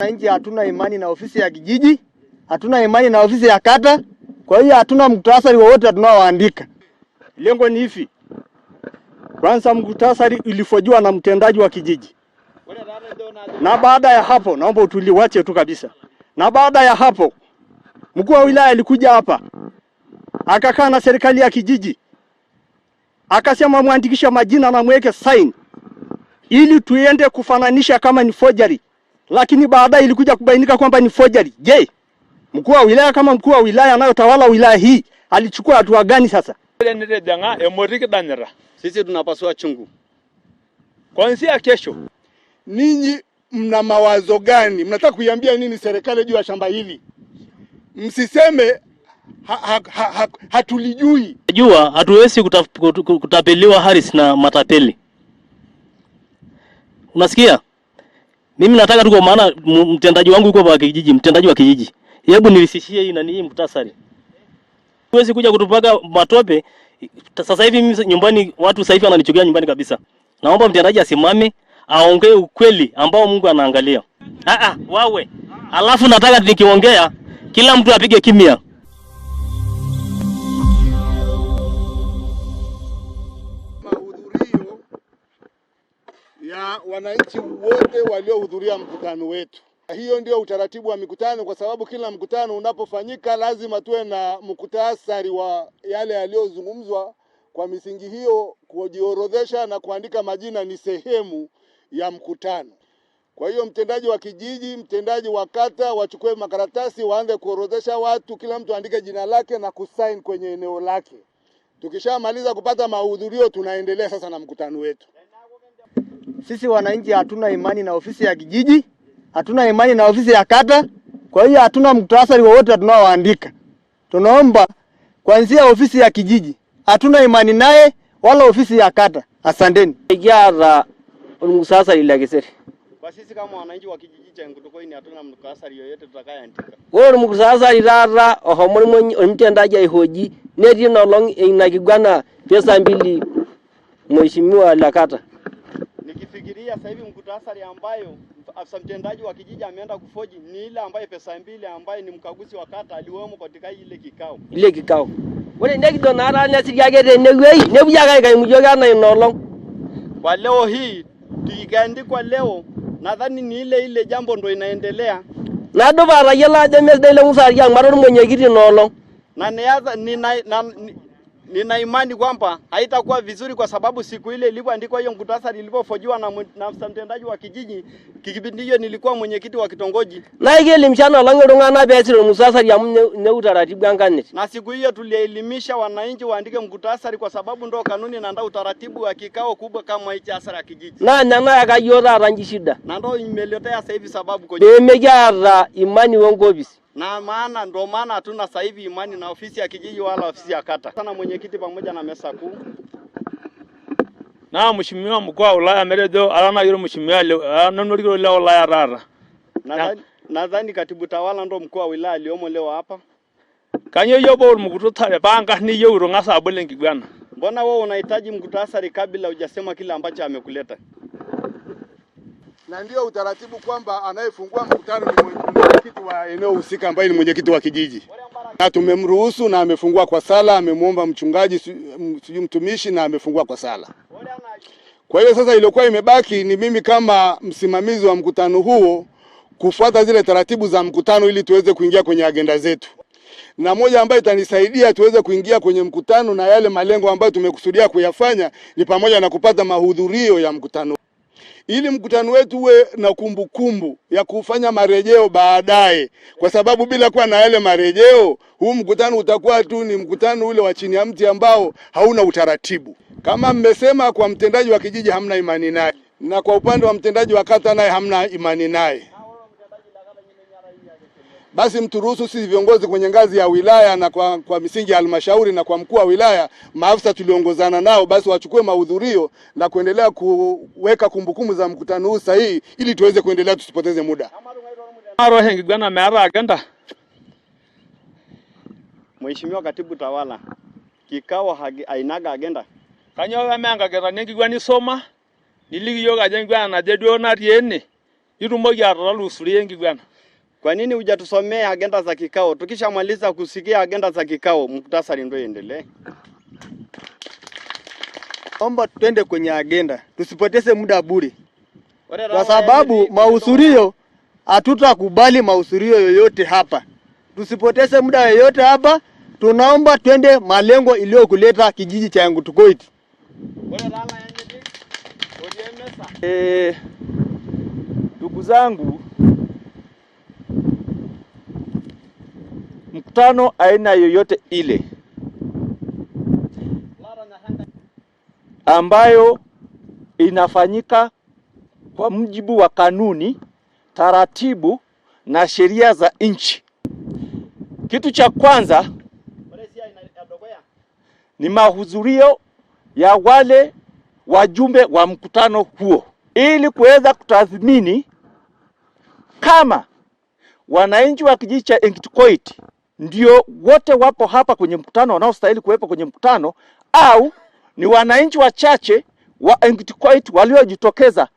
Wananchi hatuna imani na ofisi ya kijiji, hatuna imani na ofisi ya kata, kwa hiyo hatuna muktasari wowote tunaoandika. Lengo ni hivi: kwanza, muktasari ulifojiwa na mtendaji wa kijiji, na baada ya hapo naomba utuliwache tu kabisa. Na baada ya hapo mkuu wa wilaya alikuja hapa akakaa na serikali ya kijiji akasema, mwandikisha majina na mweke sign ili tuende kufananisha kama ni forgery lakini baadaye ilikuja kubainika kwamba ni forgery. Je, mkuu wa wilaya kama mkuu wa wilaya anayotawala wilaya hii alichukua hatua gani? Sasa sisi tunapasua chungu. kwanzia kesho, ninyi mna mawazo gani? Mnataka kuiambia nini serikali juu ya shamba hili? Msiseme ha, ha, ha, ha, hatulijui. Jua hatuwezi kutapeliwa haris na matapeli. Unasikia? Mimi nataka tu kwa maana mtendaji wangu yuko kwa kijiji, mtendaji wa kijiji. Hebu nilisishie hii nani hii mtasari. Huwezi kuja kutupaka matope. Sasa hivi mimi nyumbani watu sasa hivi wananichukia nyumbani kabisa. Naomba mtendaji asimame aongee ukweli ambao Mungu anaangalia. Ah ah, wawe. Alafu nataka nikiongea kila mtu apige kimya. ya wananchi wote waliohudhuria mkutano wetu. Hiyo ndio utaratibu wa mikutano, kwa sababu kila mkutano unapofanyika lazima tuwe na mkutasari wa yale yaliyozungumzwa. Kwa misingi hiyo, kujiorodhesha na kuandika majina ni sehemu ya mkutano. Kwa hiyo mtendaji wa kijiji, mtendaji wa kata wachukue makaratasi, waanze kuorodhesha watu, kila mtu aandike jina lake na kusain kwenye eneo lake. Tukishamaliza kupata mahudhurio, tunaendelea sasa na mkutano wetu sisi wananchi hatuna imani na ofisi ya kijiji, hatuna imani na ofisi ya kata. Kwa hiyo hatuna mktasari wowote tunaoandika. Tunaomba kuanzia ofisi ya kijiji, hatuna imani naye wala ofisi ya kata. Asanteni. Ijaza mktasari la kiseri. Kwa sisi kama wananchi wa kijiji aihoji netii pesa mbili mheshimiwa la ukifikiria sasa hivi mkutasari ambayo afisa mtendaji wa kijiji ameenda kufoji ni ile ambayo pesa mbili ambayo ni mkaguzi wa kata aliwemo katika ile kikao ile kikao ore nekidon naata nesiri ake tenewuei nepuoi ake aikaimujioki ana inoolong kwa leo hii tukiandikwa leo nadhani ni ile ile jambo ndo inaendelea nadupa atayiolo ajo mesidai ile musari inoolong na niaza ni, na, na, ni nina imani kwamba haitakuwa vizuri, kwa sababu siku ile ilipoandikwa hiyo mkutasari ilipofojiwa na na afisa mtendaji wa kijiji, kipindi hiyo nilikuwa mwenyekiti wa kitongoji, na ikielimishana alange iltung'anak ne utaratibu enkanyit. Na siku hiyo tulielimisha wananchi waandike mkutasari, kwa sababu ndo kanuni na ndo utaratibu wa kikao kubwa kama hichi asara ya kijiji, na nena yaka shida na ndo imeletea sasa hivi sababu pemekiata imani ofisi na maana ndio maana hatuna sasa hivi imani na ofisi ya kijiji wala ofisi ya kata. Sana mwenyekiti pamoja na mesa kuu na mheshimiwa mkuu wa Ulaya Meredo alana yule mheshimiwa ananolikilo la Ulaya rara nadhani katibu tawala ndo mkuu wa wilaya aliomo leo hapa kanyo hiyo yobo mkututare banga ni yoro ngasa bole ngigwana mbona wewe unahitaji mkutasari kabla hujasema kile ambacho amekuleta na ndio utaratibu kwamba anayefungua mkutano ni mwenyewe mwenyekiti wa eneo husika ambaye ni mwenyekiti wa kijiji, na tumemruhusu na amefungua kwa sala, amemwomba mchungaji sijui mtumishi na amefungua kwa sala. Kwa hiyo sasa iliyokuwa imebaki ni mimi kama msimamizi wa mkutano huo kufuata zile taratibu za mkutano ili tuweze kuingia kwenye agenda zetu, na moja ambayo itanisaidia tuweze kuingia kwenye mkutano na yale malengo ambayo tumekusudia kuyafanya ni pamoja na kupata mahudhurio ya mkutano ili mkutano wetu uwe na kumbukumbu kumbu ya kufanya marejeo baadaye, kwa sababu bila kuwa na yale marejeo, huu mkutano utakuwa tu ni mkutano ule wa chini ya mti ambao hauna utaratibu. Kama mmesema, kwa mtendaji wa kijiji hamna imani naye, na kwa upande wa mtendaji wa kata naye hamna imani naye basi mturuhusu sisi viongozi kwenye ngazi ya wilaya na kwa, kwa misingi ya halmashauri na kwa mkuu wa wilaya, maafisa tuliongozana nao, basi wachukue mahudhurio na kuendelea kuweka kumbukumbu za mkutano huu sahihi, ili tuweze kuendelea, tusipoteze muda. Mheshimiwa Katibu Tawala, kikao hainaga agenda kanyo wemeangaketa ninkikwanisoma niliki yiok ajo enkiguana naje duo natii ene nitumoki atatalu usuria enkiguana kwa nini hujatusomea agenda za kikao? Tukishamaliza kusikia agenda za kikao, muktasari ndio iendelee. Omba twende kwenye agenda, tusipoteze muda bure, kwa sababu mahudhurio, hatutakubali mahudhurio yoyote hapa. Tusipoteze muda yoyote hapa, tunaomba twende malengo iliyokuleta kijiji cha Engutukoit. Eh, ndugu zangu mkutano aina yoyote ile ambayo inafanyika kwa mujibu wa kanuni, taratibu na sheria za nchi. Kitu cha kwanza ni mahudhurio ya wale wajumbe wa mkutano huo ili kuweza kutathmini kama wananchi wa kijiji cha Enktikoit ndio wote wapo hapa kwenye mkutano wanaostahili kuwepo kwenye mkutano, au ni wananchi wachache wa Enkitukait eh, waliojitokeza?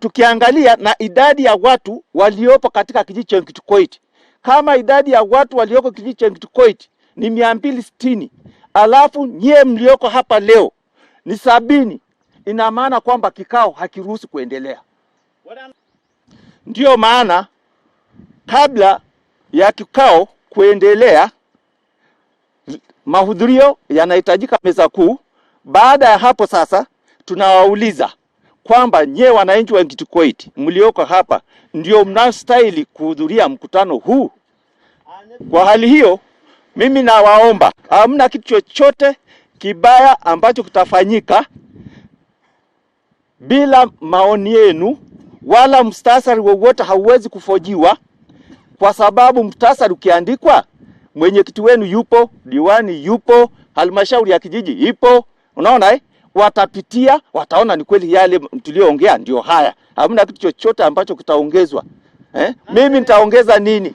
Tukiangalia na idadi ya watu waliopo katika kijiji cha Enkitukait, kama idadi ya watu walioko kijiji cha Enkitukait ni mia mbili sitini alafu nyie mlioko hapa leo ni sabini, ina maana kwamba kikao hakiruhusi kuendelea. Ndiyo maana kabla ya kikao kuendelea, mahudhurio yanahitajika meza kuu. Baada ya hapo sasa, tunawauliza kwamba nyewe wananchi wa Kitikoit mlioko hapa ndio mnastahili kuhudhuria mkutano huu. Kwa hali hiyo, mimi nawaomba, hamna kitu chochote kibaya ambacho kitafanyika bila maoni yenu, wala mstasari wowote hauwezi kufojiwa kwa sababu muhtasari ukiandikwa, mwenyekiti wenu yupo, diwani yupo, halmashauri ya kijiji ipo, unaona eh? Watapitia, wataona ni kweli yale tuliyoongea ndio haya, hamna kitu chochote ambacho kitaongezwa eh? Mimi nitaongeza nini?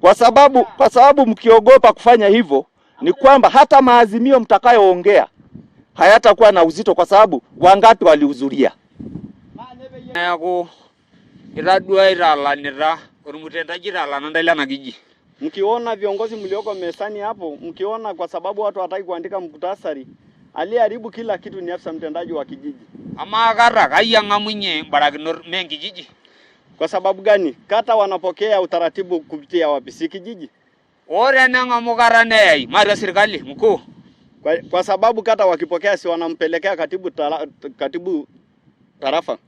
Kwa sababu kwa sababu mkiogopa kufanya hivyo ni kwamba hata maazimio mtakayoongea hayatakuwa na uzito, kwa sababu wangapi walihudhuria itadua italanita ormutendaji italana ndai lena kijiji. Mkiona viongozi mlioko mesani hapo, mkiona kwa sababu watu hataki kuandika mkutasari, aliyeharibu kila kitu ni afisa mtendaji wa kijiji. Ama kata kaiyang'amunye barakinot menkijiji. Kwa sababu gani? Kata wanapokea utaratibu kupitia wapisi kijiji. Ore neng'amu kata neyai mari serikali mkuu. Kwa, kwa sababu kata wakipokea si wanampelekea katibu tara, katibu tarafa.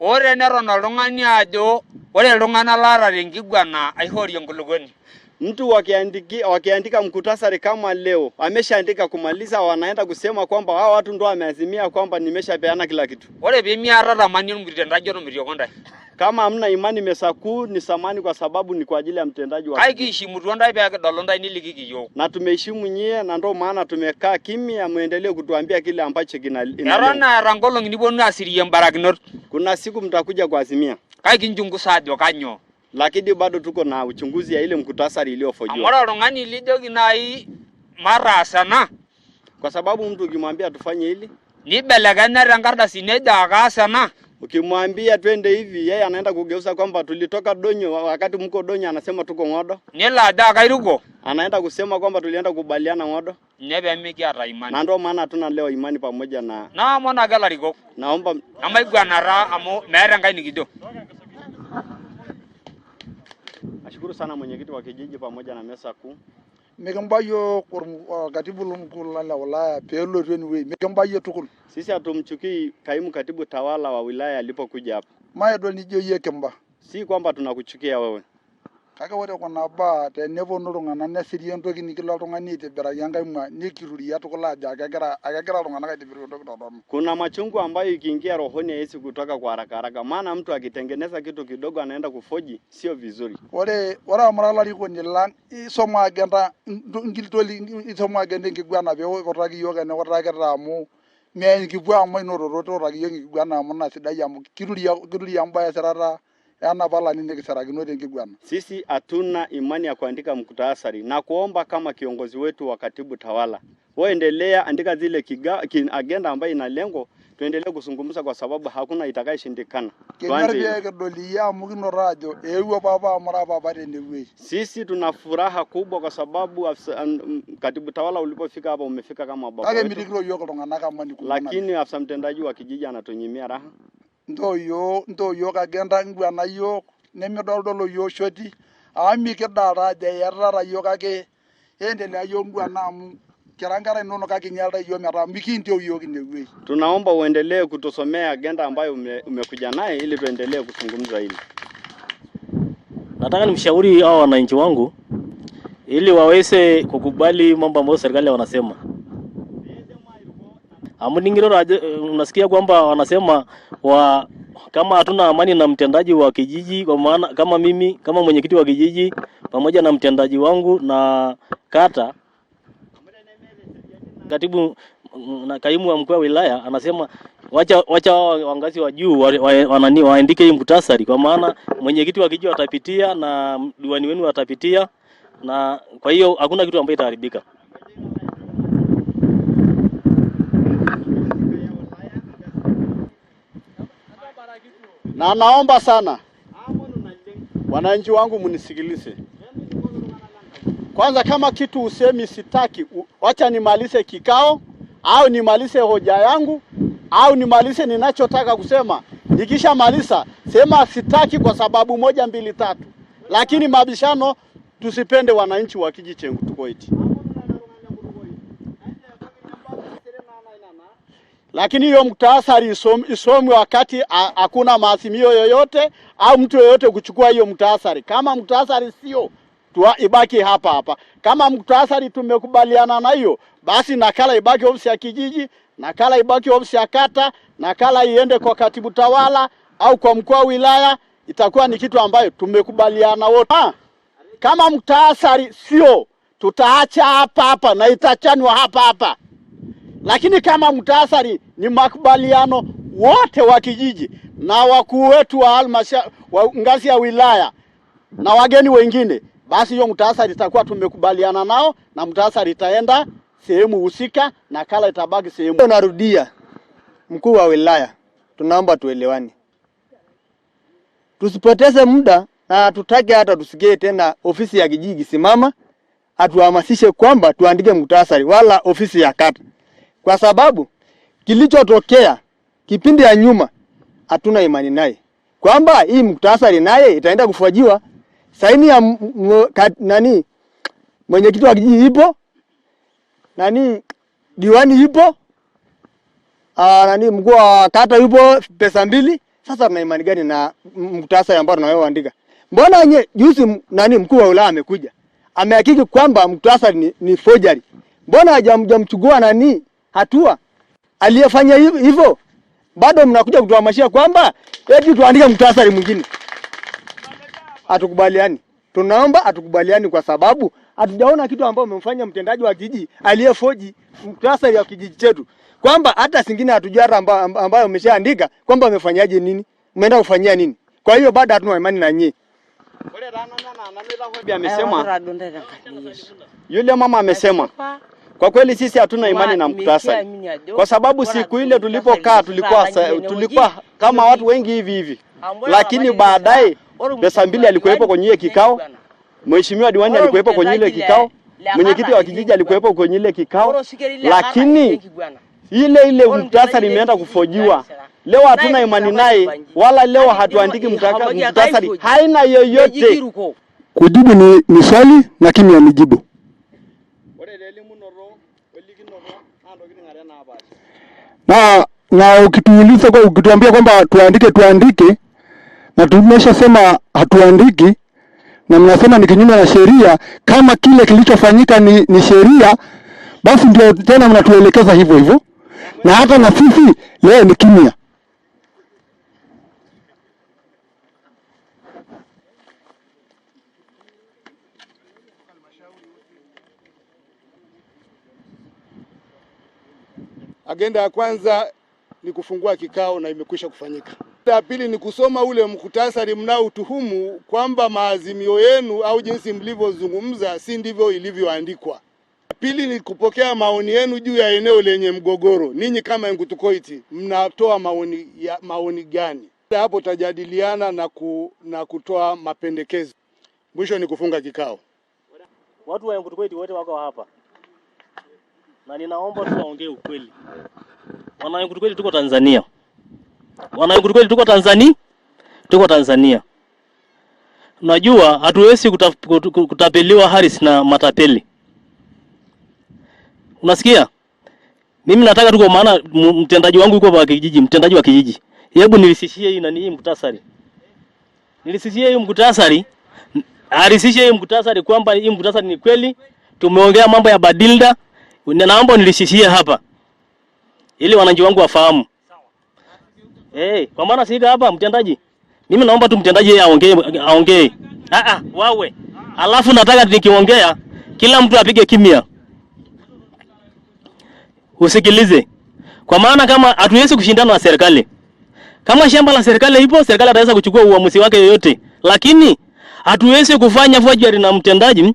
ore nerona lrung'an ajo ore lrung'an aloarare nkigwana aihorio ngulukoni Mtu wakiandika mkutasari kama leo, ameshaandika kumaliza, wanaenda kusema kwamba hao watu ndio wameazimia kwamba nimeshapeana kila kitu. Ore pemiara mani mtendaji ono miriokonda. Kama hamna imani mesaku ni samani, kwa sababu ni kwa ajili ya mtendaji wa. Kaikishimu tuondai pe akidolondai nilikiki yo. Na tumeheshimu nyie na ndio maana tumekaa kimya, muendelee kutuambia kile ambacho kina. Erona rangolong niponu asirie mbarakinot. Kuna siku mtakuja kuazimia. Kaikinjungu sadio kanyo lakini bado tuko na uchunguzi ya ile mkutasari iliyofojwa. Amara rongani na hii mara sana. Kwa sababu mtu ukimwambia tufanye hili rangarda tenkardasi aga sana. Ukimwambia twende hivi, yeye anaenda kugeuza kwamba tulitoka Donyo, wakati mko Donyo anasema tuko Ng'odo. Nila ada kairuko. Anaenda kusema kwamba tulienda kubaliana Ng'odo. Nebe miki ara imani. Na ndio maana hatuna leo imani pamoja na. Na mwana gala galariko. Naomba. Amaigwa nara amo meera ngai nikido. Nashukuru sana mwenyekiti wa kijiji pamoja na mesa kuu mikimba yiok uh, katibu mkuu la wilaya peelotu wei mikimba hiyo tukul sisi hatumchukii kaimu katibu tawala wa wilaya alipokuja hapa ndo nijo yie kimba si kwamba tunakuchukia wewe Kake ore kuna baa teneponu iltung'anak nesiri entoki nikilo oltung'ani aitibiraki enkae mua nikirurie tukul ajo akegira akegira iltung'anak aitibiru entoki torrono. Kuna machungwa ambayo ikiingia rohoni haisi kutoka kwa haraka haraka, maana mtu akitengeneza kitu kidogo anaenda kufoji, sio vizuri. Ore ore amu larikoni lang ishomo agenda nkiltoli ishomo agenda enkiguana pee ikutaki iyiok enikutakita amu mee ekipuo amu inototo iutaki iyiook enkiguana amu ina sidai amu kirurie kiruria imbaa esirata ena pala nikisharakinote enkiguana. Sisi hatuna imani ya kuandika mkutasari na kuomba kama kiongozi wetu wa katibu tawala waendelea andika zile kiga, ki agenda ambayo ina lengo tuendelee kuzungumza kwa sababu hakuna itakayeshindikana. Sisi tuna furaha kubwa kwa sababu katibu tawala ulipofika hapa umefika kama baba, lakini afisa mtendaji wa kijiji anatunyimia raha ntoo yiok ake ntankwana yiok nemidoldolo yiok shoti amu mikidolta ajo eyatata yiok kake endelea yiok nkwana amu kira nkera inonok kake inyalta yiok metaa mikiinteu yiok inewueji. Tunaomba uendelee kutusomea agenda ambayo ume, umekuja naye ili tuendelee kuzungumza hili. Nataka mshauri hao wananchi wangu ili waweze kukubali mambo ambayo serikali wanasema Ah, Mlingiro raje, eh, unasikia kwamba wanasema wa kama hatuna amani na mtendaji wa kijiji, kwa maana kama mimi kama mwenyekiti wa kijiji pamoja na mtendaji wangu na kata, katibu na kaimu wa mkuu wa wilaya anasema wacha wacha wangazi wa juu wanani wa, waandike hii mkutasari, kwa maana mwenyekiti wa kijiji atapitia na diwani wenu atapitia, na kwa hiyo hakuna kitu ambacho itaharibika. na naomba sana wananchi wangu mnisikilize kwanza. Kama kitu usemi sitaki, wacha nimalize kikao au nimalize hoja yangu au nimalize ninachotaka kusema. Nikisha malisa sema sitaki kwa sababu moja mbili tatu, lakini mabishano tusipende wananchi wa kijiji chetu Koiti. lakini hiyo mtaasari isomwe wakati hakuna maazimio yoyote au mtu yoyote kuchukua hiyo mktasari Kama mtaasari sio ibaki hapa hapa. Kama mktasari tumekubaliana na hiyo, basi nakala ibaki ofisi ya kijiji, nakala ibaki ofisi ya kata, nakala iende kwa katibu tawala au kwa mkuu wa wilaya. Itakuwa ni kitu ambayo tumekubaliana wote. Ah, kama mtaasari sio, tutaacha hapa hapa na itachanwa hapa hapa. Lakini kama mtasari ni makubaliano wote wa kijiji na wakuu wetu wa halmashauri wa ngazi ya wilaya na wageni wengine, basi hiyo mtasari itakuwa tumekubaliana nao, na mtasari itaenda sehemu husika na kala itabaki sehemu. Narudia, mkuu wa wilaya, tunaomba tuelewane, tusipoteze muda na tutake hata tusikie tena ofisi ya kijiji simama atuhamasishe kwamba tuandike mtasari wala ofisi ya kata kwa sababu kilichotokea kipindi ya nyuma hatuna imani naye kwamba hii muktasari naye itaenda kufuajiwa. Saini ya nani mwenyekiti wa kijiji ipo, nani diwani ipo, aa, nani mkuu wa kata yupo, pesa mbili. Sasa tuna imani gani na muktasari ambao tunao andika? Mbona wenye juzi nani mkuu wa wilaya amekuja amehakiki kwamba muktasari ni, ni forgery. Mbona hajamchukua nani hatua aliyefanya hivyo, bado mnakuja kutuhamashia kwamba eti tuandike mtasari mwingine. Hatukubaliani, tunaomba hatukubaliani kwa sababu hatujaona kitu ambao umemfanya mtendaji wa kijiji aliyefoji mtasari wa kijiji chetu, kwamba hata singine hatujua hata ambayo umeshaandika kwamba umefanyaje nini, umeenda kufanyia nini. Kwa hiyo bado hatuna imani na nyie. Eh, Yule mama amesema kwa kweli sisi hatuna imani na muktasari, kwa sababu siku ile tulipokaa tulikuwa tulikuwa kama watu wengi hivi hivi, lakini baadaye mbili alikuwepo kwenye ile kikao, mheshimiwa diwani alikuwepo kwenye ile kikao, mwenyekiti wa kijiji alikuwepo kwenye ile kikao, lakini ile ile muktasari imeenda kufojiwa. Leo hatuna imani naye, wala leo yaani hatuandiki muktasari, haina yoyote kujibu. Ni, ni swali lakini amejibu na na ukituuliza kwa ukituambia kwamba tuandike tuandike, na tumeshasema hatuandiki, na mnasema ni kinyume na sheria. Kama kile kilichofanyika ni, ni sheria, basi ndio tena mnatuelekeza hivyo hivyo, na hata na sisi leo ni kimya. Agenda ya kwanza ni kufungua kikao na imekwisha kufanyika. Ya pili ni kusoma ule mkutasari mnaotuhumu kwamba maazimio yenu au jinsi mlivyozungumza si ndivyo ilivyoandikwa. Pili ni kupokea maoni yenu juu ya eneo lenye mgogoro. Ninyi kama Engutukoiti mnatoa maoni, ya, maoni gani? Hapo tajadiliana na, ku, na kutoa mapendekezo. Mwisho ni kufunga kikao. Watu wa Engutukoiti wote wako hapa na ninaomba tuwaongee ukweli. Wananchi kweli tuko Tanzania, wananchi kweli tuko Tanzania, tuko Tanzania. Najua hatuwezi kutap, kutapeliwa Harris na matapeli. Unasikia? Mimi nataka tuko maana mtendaji wangu yuko kwa kijiji, mtendaji wa kijiji. Hebu nilisishie hii nani hii mkutasari. Nilisishie hii mkutasari. Harisishie hii mkutasari kwamba hii mkutasari ni kweli. Tumeongea mambo ya Badilda Naomba nilisisie hapa ili wananchi wangu wafahamu. Eh, Hey, kwa maana sika hapa mtendaji. Mimi naomba tu mtendaji yeye aongee aongee. Ah ah, wawe. Alafu nataka nikiongea kila mtu apige kimya. Usikilize. Kwa maana kama hatuwezi kushindana na serikali. Kama shamba la serikali ipo, serikali ataweza kuchukua uamuzi wake yoyote. Lakini hatuwezi kufanya forgery na mtendaji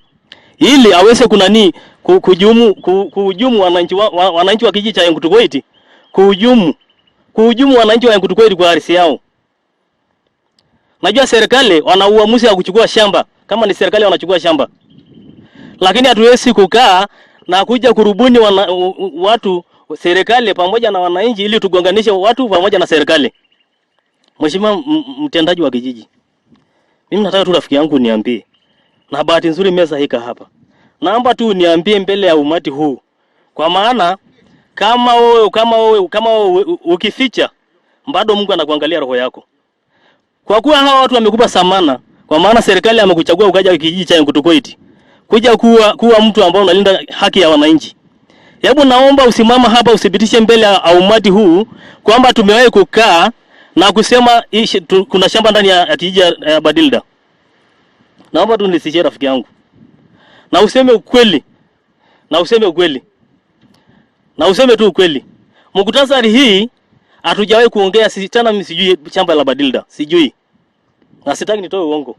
ili aweze kunani kuhujumu kuhujumu wananchi wa, wananchi wa kijiji cha Enkutukoiti kuhujumu kuhujumu wananchi wa Enkutukoiti kwa ardhi yao. Najua serikali wana uamuzi wa kuchukua shamba, kama ni serikali wanachukua shamba, lakini hatuwezi kukaa na kuja kurubuni wana, watu serikali pamoja na wananchi ili tugonganishe watu pamoja na serikali. Mheshimiwa mtendaji wa kijiji, mimi nataka tu rafiki yangu niambie, na bahati nzuri meza hika hapa naomba tu uniambie mbele ya umati huu, kwa maana kama wewe kama wewe kama wewe ukificha, bado Mungu anakuangalia roho yako, kwa kuwa hawa watu wamekupa samana, kwa maana serikali amekuchagua ukaja kijiji cha Nkutukoiti kuja kuwa, kuwa mtu ambaye unalinda haki ya wananchi. Hebu naomba usimama hapa uthibitishe mbele ya umati huu kwamba tumewahi kukaa na kusema ishi, tu, kuna shamba ndani ya kijiji ya Badilda. Naomba tu tunisishie rafiki yangu na useme ukweli na useme ukweli na useme tu ukweli. Mkutasari hii hatujawahi kuongea sisi tena. Mimi sijui shamba la Badilda, sijui na sitaki nitoe uongo,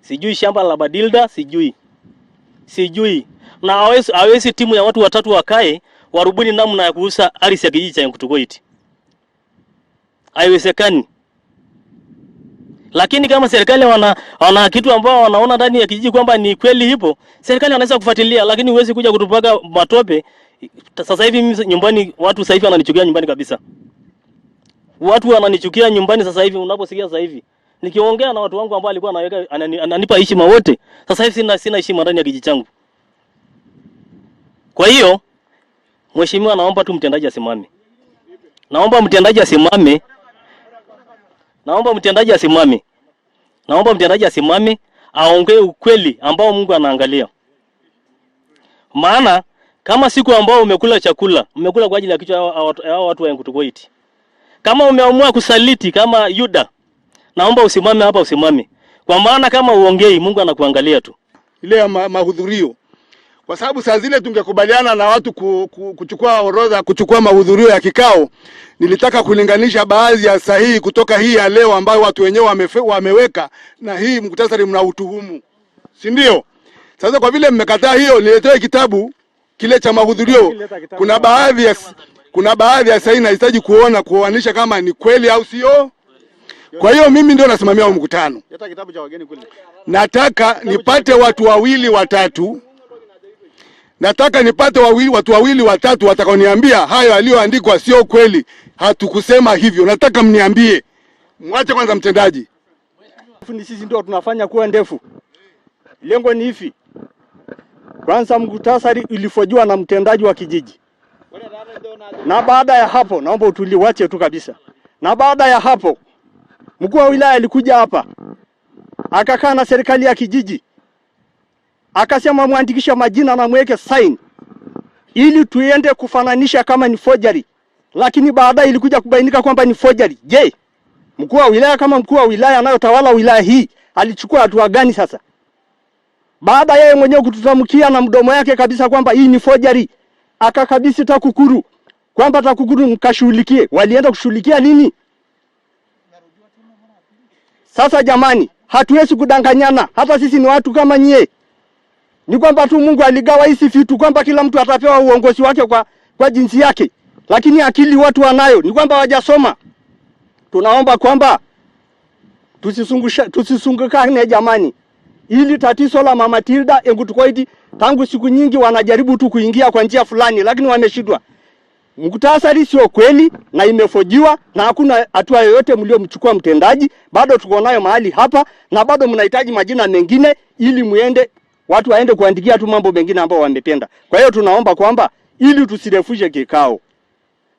sijui shamba la Badilda, sijui sijui, na hawezi hawezi timu ya watu watatu wakae warubuni namna ya kuhusa ardhi ya kijiji cha Nkutukoiti, haiwezekani. Lakini kama serikali wana, wana kitu ambao wanaona ndani ya kijiji kwamba ni kweli hipo, serikali wanaweza kufuatilia, lakini huwezi kuja kutupaga matope. Sasa hivi mimi nyumbani, watu sasa hivi wananichukia nyumbani kabisa. Watu wananichukia nyumbani sasa hivi, unaposikia sasa hivi nikiongea na watu wangu ambao alikuwa anaweka ananipa heshima wote, sasa hivi sina sina heshima ndani ya kijiji changu. Kwa hiyo mheshimiwa, naomba tu mtendaji asimame, naomba mtendaji asimame. Naomba mtendaji asimame. Naomba mtendaji asimame aongee ukweli ambao Mungu anaangalia. Maana kama siku ambao umekula chakula, umekula kwa ajili ya kichwa ya watu wa Enkutukoiti. Kama umeamua kusaliti kama Yuda, naomba usimame hapa usimame. Kwa maana kama uongei Mungu anakuangalia tu. Ile ya ma mahudhurio kwa sababu saa zile tungekubaliana na watu ku, ku, kuchukua orodha, kuchukua mahudhurio ya kikao. Nilitaka kulinganisha baadhi ya sahihi kutoka hii ya leo ambayo watu wenyewe wame, wameweka na hii mkutasari utuhumu, si ndio? Sasa kwa vile mmekataa hiyo, niletee kitabu kile cha mahudhurio. Kuna baadhi ya kuna baadhi ya sahihi nahitaji kuona kuoanisha kama ni kweli au sio. Kwa hiyo mimi ndio nasimamia huu mkutano, nataka nipate watu wawili watatu nataka nipate wawili, watu wawili watatu watakaoniambia hayo aliyoandikwa sio kweli, hatukusema hivyo. Nataka mniambie, mwache kwanza mtendaji. Ni sisi ndio tunafanya kuwa ndefu. Lengo ni hivi, kwanza mkutasari ulifojiwa na mtendaji wa kijiji, na baada ya hapo naomba utuliwache tu kabisa. Na baada ya hapo mkuu wa wilaya alikuja hapa akakaa na serikali ya kijiji akasema mwandikisha majina na mweke sign ili tuende kufananisha kama ni forgery, lakini baadaye ilikuja kubainika kwamba ni forgery. Je, mkuu wa wilaya kama mkuu wa wilaya anayotawala wilaya hii alichukua hatua gani? Sasa baada yeye mwenyewe kututamkia na mdomo yake kabisa kwamba hii ni forgery, akakabisi TAKUKURU kwamba TAKUKURU mkashughulikie. Walienda kushughulikia nini? Sasa jamani, hatuwezi kudanganyana, hata sisi ni watu kama nyie ni kwamba tu Mungu aligawa hizi vitu kwamba kila mtu atapewa uongozi wake kwa, kwa jinsi yake, lakini akili watu wanayo, ni kwamba wajasoma. Tunaomba kwamba tusisungukane jamani, ili tatizo la Mama Tilda Engutukoit tangu siku nyingi wanajaribu tu kuingia kwa njia fulani, lakini wameshindwa. Mkutasari sio kweli na imefojiwa na hakuna hatua yoyote mliomchukua mtendaji. Bado tuko nayo mahali hapa na bado mnahitaji majina mengine ili muende watu waende kuandikia tu mambo mengine ambao wamependa. Kwa hiyo tunaomba kwamba ili tusirefushe kikao,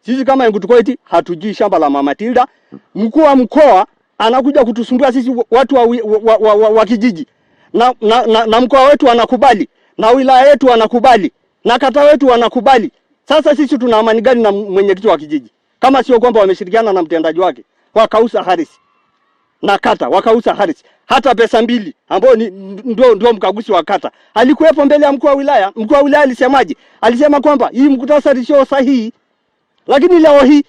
sisi kama Engutukoiti hatujui shamba la Mama Tilda. Mkuu wa mkoa anakuja kutusumbua sisi watu wa, wa, wa, wa, wa kijiji na, na, na, na mkoa wetu anakubali na wilaya yetu anakubali na kata wetu anakubali. Sasa sisi tuna amani gani na mwenyekiti wa kijiji kama sio kwamba wameshirikiana na mtendaji wake kwa Kausa Harisi? na kata wakauza ardhi hata pesa mbili, ambayo ni ndio ndio mkaguzi wa kata alikuwepo mbele ya mkuu wa wilaya. Mkuu wa wilaya alisemaje? Alisema kwamba hii mkutasari sio sahihi, lakini leo hii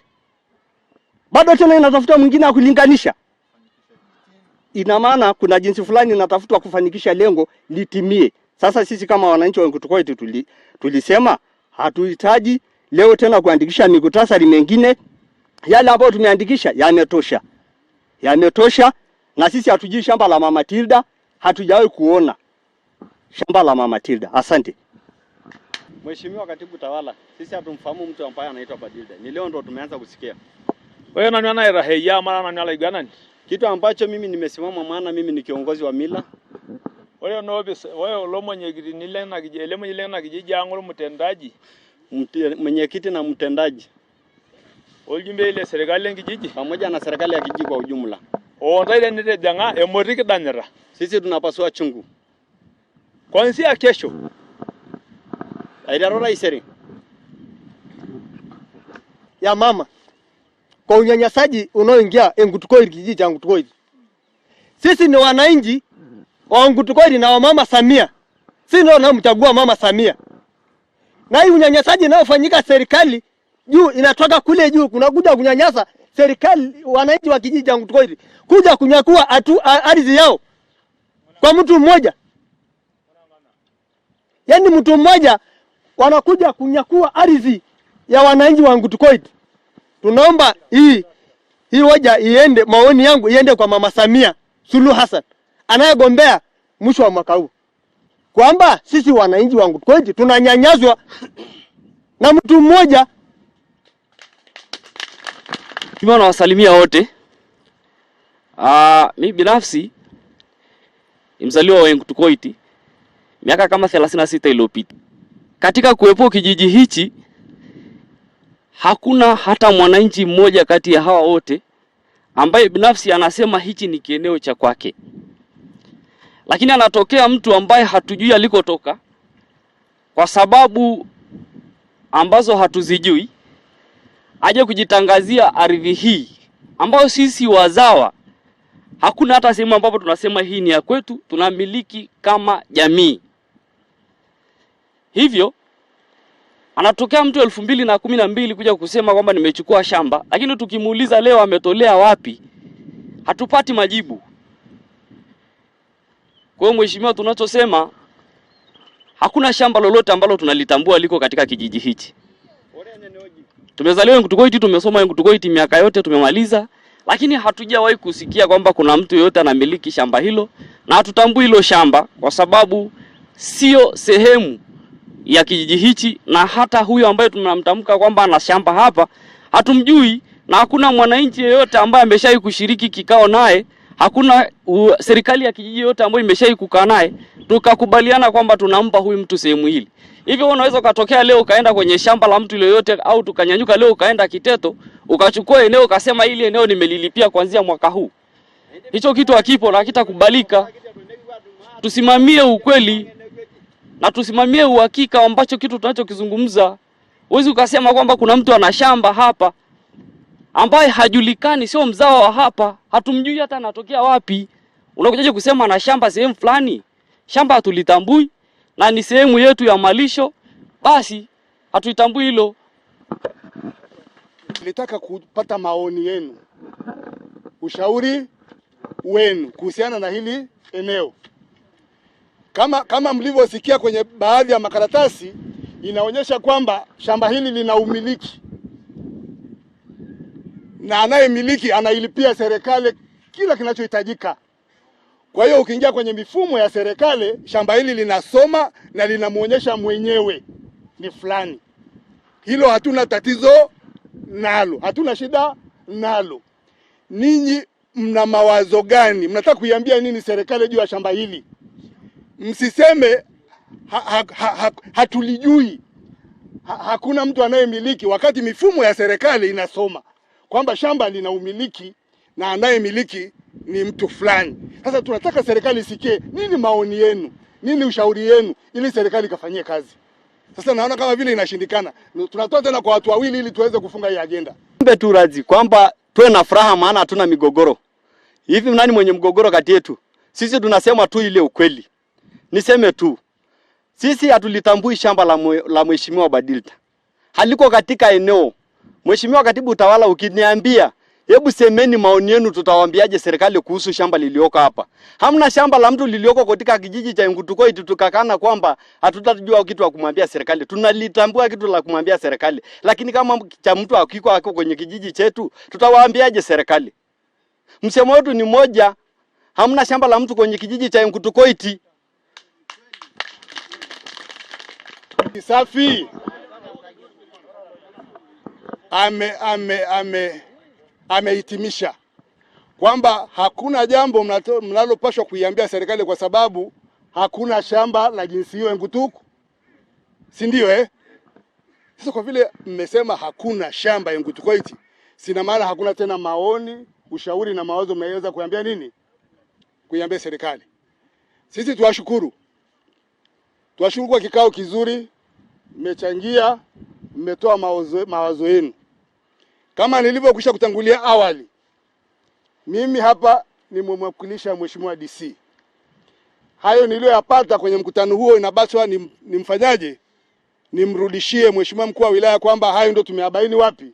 bado tena inatafuta mwingine ya kulinganisha. Ina maana kuna jinsi fulani inatafutwa kufanikisha lengo litimie. Sasa sisi kama wananchi wa Nkutukwetu tuli, tulisema hatuhitaji leo tena kuandikisha mikutasari mengine, yale ambayo tumeandikisha yametosha yametosha, na sisi hatujui shamba la Mama Tilda, hatujawahi kuona shamba la Mama Tilda. Asante Mheshimiwa Katibu Tawala, sisi hatumfahamu mtu ambaye anaitwa Badilda, ni leo ndo tumeanza kusikia. Wewe nani anayeraheya mara nani alaigana nani? Kitu ambacho mimi nimesimama, maana mimi ni kiongozi wa mila wewe nobis wewe ulomwenyekiti nilena kijele mwenye lena kijiji yangu mtendaji mwenyekiti na mtendaji oljumbe ile serikali enkijiji pamoja na serikali ya kijiji kwa ujumla. Oontaile nitijing'a emoti kidanyita. Sisi tunapasua chungu. Kuanzia kesho aiteru taisere ya mama kwa unyanyasaji unaoingia engutukoiri kijiji cha Ngutukoiri. Sisi ni wananchi wa Ngutukoiri na mama Samia, sisi ndio wanaomchagua mama Samia, na hii unyanyasaji unaofanyika serikali juu inatoka kule juu, kunakuja kunyanyasa serikali, wananchi wa kijiji cha Nkutukoiri kuja kunyakua atu ardhi yao kwa mtu mmoja, yaani mtu mmoja wanakuja kunyakua ardhi ya wananchi wa Nkutukoiri. Tunaomba hii hii hoja iende, maoni yangu iende kwa Mama Samia Suluhu Hassan anayegombea mwisho wa mwaka huu, kwamba sisi wananchi wa Nkutukoiri tunanyanyazwa na mtu mmoja. Mheshimiwa, nawasalimia wote. Ah, mi binafsi ni mzaliwa wa Enkutukoiti miaka kama 36 iliyopita. Katika kuwepo kijiji hichi hakuna hata mwananchi mmoja kati ya hawa wote ambaye binafsi anasema hichi ni kieneo cha kwake, lakini anatokea mtu ambaye hatujui alikotoka kwa sababu ambazo hatuzijui aje kujitangazia ardhi hii ambayo sisi wazawa hakuna hata sehemu ambapo tunasema hii ni ya kwetu, tunamiliki kama jamii. Hivyo anatokea mtu elfu mbili na kumi na mbili kuja kusema kwamba nimechukua shamba, lakini tukimuuliza leo ametolea wapi, hatupati majibu. Kwa hiyo mheshimiwa, tunachosema hakuna shamba lolote ambalo tunalitambua liko katika kijiji hichi. Tumezaliwa Enkutukoiti, tumesoma Enkutukoiti miaka yote tumemaliza, lakini hatujawahi kusikia kwamba kuna mtu yeyote anamiliki shamba hilo, na hatutambui hilo shamba kwa sababu sio sehemu ya kijiji hichi, na hata huyo ambaye tunamtamka kwamba ana shamba hapa hatumjui, na hakuna mwananchi yeyote ambaye ameshawahi kushiriki kikao naye hakuna u, serikali ya kijiji yote ambayo imeshai kukaa naye tukakubaliana kwamba tunampa huyu mtu sehemu hili. Hivyo unaweza ukatokea leo ukaenda kwenye shamba la mtu yoyote, au tukanyanyuka leo ukaenda Kiteto ukachukua eneo ukasema hili eneo nimelilipia kuanzia mwaka huu. Hicho kitu hakipo na kitakubalika. Tusimamie ukweli na tusimamie uhakika ambacho kitu tunachokizungumza. Huwezi ukasema kwamba kuna mtu ana shamba hapa ambaye hajulikani, sio mzao wa hapa, hatumjui hata anatokea wapi. Unakujaje kusema na shamba sehemu fulani? Shamba hatulitambui na ni sehemu yetu ya malisho, basi hatuitambui hilo. Nilitaka kupata maoni yenu, ushauri wenu kuhusiana na hili eneo. Kama kama mlivyosikia kwenye baadhi ya makaratasi, inaonyesha kwamba shamba hili lina umiliki na anayemiliki anailipia serikali kila kinachohitajika. Kwa hiyo ukiingia kwenye mifumo ya serikali, shamba hili linasoma na linamwonyesha mwenyewe ni fulani. Hilo hatuna tatizo nalo, hatuna shida nalo. Ninyi mna mawazo gani? Mnataka kuiambia nini serikali juu ya shamba hili? Msiseme ha, ha, ha, ha, hatulijui ha, hakuna mtu anayemiliki wakati mifumo ya serikali inasoma kwamba shamba lina umiliki na anayemiliki ni mtu fulani. Sasa tunataka serikali isikie nini maoni yenu, nini ushauri yenu, ili serikali ikafanyie kazi. Sasa naona kama vile inashindikana, tunatoa tena kwa watu wawili ili tuweze kufunga hii ajenda. Mbe tu radhi kwamba tuwe na furaha, maana hatuna migogoro. Hivi nani mwenye mgogoro kati yetu? Sisi tunasema tu ile ukweli. Niseme tu sisi hatulitambui shamba la mheshimiwa Badilta, haliko katika eneo Mheshimiwa Katibu Utawala, ukiniambia hebu semeni maoni yenu, tutawaambiaje serikali kuhusu shamba lilioko hapa? Hamna shamba la mtu lilioko katika kijiji cha Ngutukoit, tukakana kwamba hatutajua kitu wa kumwambia serikali. Tunalitambua kitu la kumwambia serikali, lakini kama cha mtu akiko ako kwenye kijiji chetu, tutawaambiaje serikali? Msemo wetu ni moja, hamna shamba la mtu kwenye kijiji cha Ngutukoit. Safi amehitimisha ame, ame, ame kwamba hakuna jambo mnalopashwa kuiambia serikali kwa sababu hakuna shamba la jinsi hiyo Engutuku, si ndio eh? Sasa kwa vile mmesema hakuna shamba Engutuku sina maana hakuna tena maoni, ushauri na mawazo mmeweza kuambia nini, kuiambia serikali. Sisi tuwashukuru, tuwashukuru kwa kikao kizuri, mmechangia, mmetoa mawazo yenu. Kama nilivyokwisha kutangulia awali, mimi hapa nimemwakilisha mheshimiwa DC. Hayo niliyoyapata kwenye mkutano huo inabaswa nimfanyaje, nimrudishie mheshimiwa mkuu wa wilaya kwamba hayo ndio tumeabaini wapi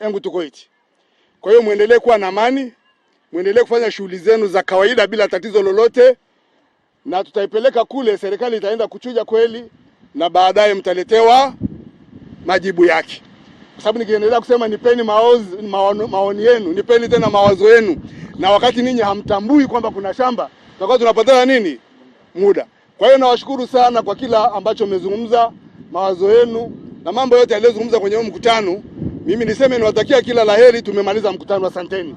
yangu tuko hichi. Kwa hiyo mwendelee kuwa na amani, mwendelee kufanya shughuli zenu za kawaida bila tatizo lolote, na tutaipeleka kule, serikali itaenda kuchuja kweli, na baadaye mtaletewa majibu yake sababu nikiendelea kusema nipeni maozi, maoni, maoni yenu nipeni tena mawazo yenu, na wakati ninyi hamtambui kwamba kuna shamba, tutakuwa tunapoteza nini muda. Kwa hiyo nawashukuru sana kwa kila ambacho mmezungumza, mawazo yenu na mambo yote yaliyozungumza kwenye huu mkutano. Mimi niseme niwatakia kila laheri. Tumemaliza mkutano, asanteni.